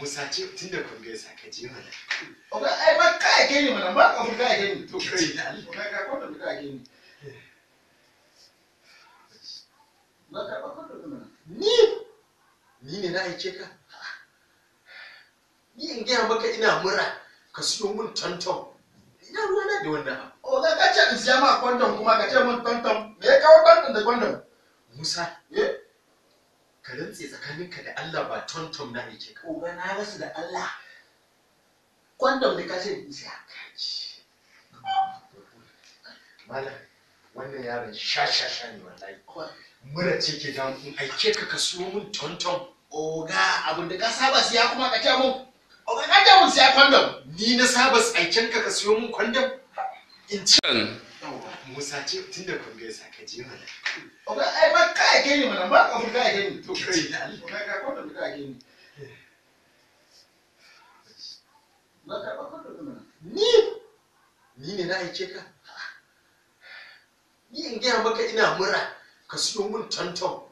Musa ce tun da kun gaisa ka ji mana. Oga ai ba ka ake ni mana ba ka furka ake ni. To kai da Allah. Ka ka kwanta ka ake ni. Ba ka ba kwanta mana. Ni ni ne na aike ka. Ni in gaya maka ina mura ka siyo mun tantan. Ina ruwa na da wannan abu. Oga ka ce in siya ma kwandon kuma ka ce mun tantan. Me ya kawo tantan da kwandon? Musa. Eh? ka rantse tsakaninka da Allah ba tonton na yake ka uga na rasu da Allah kwandon da kashe ya kaji malam wannan yaron sha sha sha ne wallahi mura ce ke jan in aike ka ka siyo min tonton. oga abin da ka saba siya kuma ka ce mun oga ka ce mun siya kwandon ni na saba aiken ka ka siyo min kwandon in ci Musa ce tun da kun gaisa ka je mana. Oga ai ake ni mana ba ka fita ake to kai kai ka kwanta fita ake ba ka ba kwanta ni ni ne na aike ka ni in gaya maka ina mura ka siyo mun tantan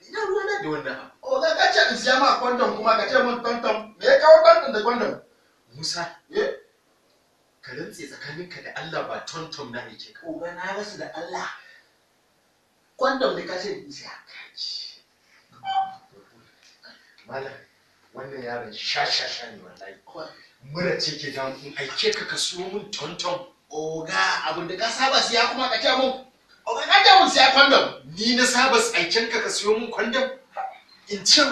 ina ruwa na da wannan o oh, za ka ce in siya ma kwandon kuma ka ce mun tantan me ya kawo kwandon da kwandon musa ka rantse tsakaninka da allah ba tantan na aike ka o na rasu da allah wanda da kashe malam wannan yaron shashasha ne wallahi mura ce ke jan in aike ka ka siyo min tonton oga abin da ka saba siya kuma ka ce mun oga ka ce mun siya kwandon ni na saba aiken ka ka siyo mun kwandon in ce